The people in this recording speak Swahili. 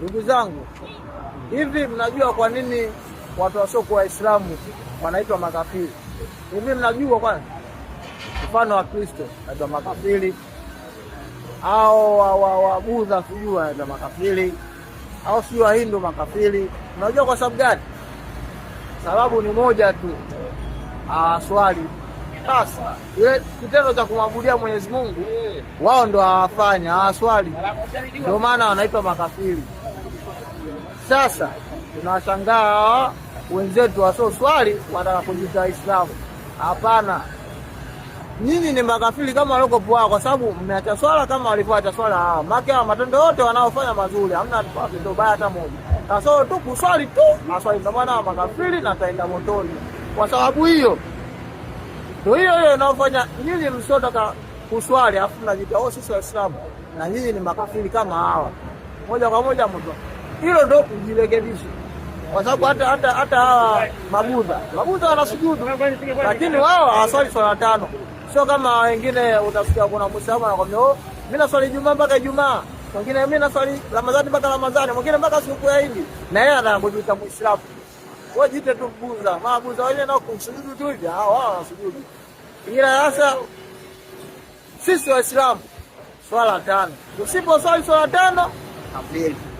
Ndugu zangu, hivi mnajua kwa nini watu wasiokuwa Waislamu wanaitwa makafiri? Hivi mnajua kwanza? Mfano wa Kristo anaitwa makafiri, au wabudha wa, sijui wanaitwa makafiri, au sijui wahindu makafiri. Mnajua kwa sababu gani? Sababu ni moja tu, ah, swali sasa ile kitendo cha kumwabudia Mwenyezi Mungu wao ndo hawafanya, hawaswali, ndio maana wanaitwa makafiri. Sasa tunawashangaa wenzetu wasioswali wanataka kujita Waislamu. Hapana, nyinyi ni makafiri kama waliokopo wao, kwa sababu mmeacha swala kama walivyoacha swala hao. Make hawa matendo yote wanaofanya mazuri, hamna tendo baya hata moja, kasoro tu kuswali tu aswali. Ndio maana makafiri na taenda motoni kwa sababu hiyo ndio hiyo hiyo inaofanya nyinyi msiotaka kuswali afu mnajitia wao oh, sisi Waislamu na nyinyi ni makafiri kama hawa, moja kwa moja mtu. Hilo ndio kujirekebisha, kwa sababu hata hata hata hawa mabudha mabudha wanasujudu, lakini wao hawaswali swala tano. Sio kama wengine, utasikia kuna Muislamu anakwambia oh, mimi naswali Ijumaa mpaka Ijumaa, mwingine mimi naswali Ramadhani mpaka Ramadhani, mwingine mpaka siku ya Idi, na yeye anajiita Muislamu wajite tu mbuza, mabuza wenyewe nao kumsujudu tu hivi, hao hao wanasujudu. Ila sasa sisi Waislamu swala tano, usiposwali swala tano kafiri